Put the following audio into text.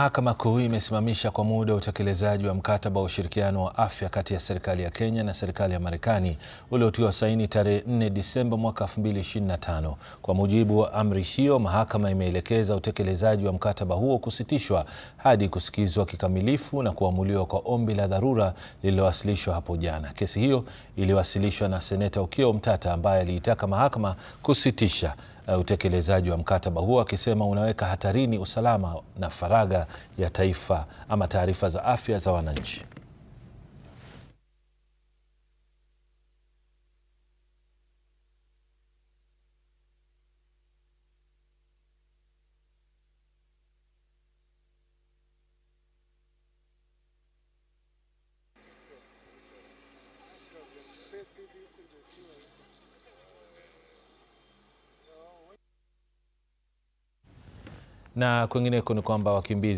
Mahakama Kuu imesimamisha kwa muda utekelezaji wa mkataba wa ushirikiano wa afya kati ya serikali ya Kenya na serikali ya Marekani uliotiwa saini tarehe 4 Disemba mwaka 2025. Kwa mujibu wa amri hiyo, mahakama imeelekeza utekelezaji wa mkataba huo kusitishwa hadi kusikizwa kikamilifu na kuamuliwa kwa ombi la dharura lililowasilishwa hapo jana. Kesi hiyo iliwasilishwa na Seneta ukio mtata ambaye aliitaka mahakama kusitisha uh, utekelezaji wa mkataba huo akisema unaweka hatarini usalama na faragha ya taifa ama taarifa za afya za wananchi. Na kwingineko ni kwamba wakimbizi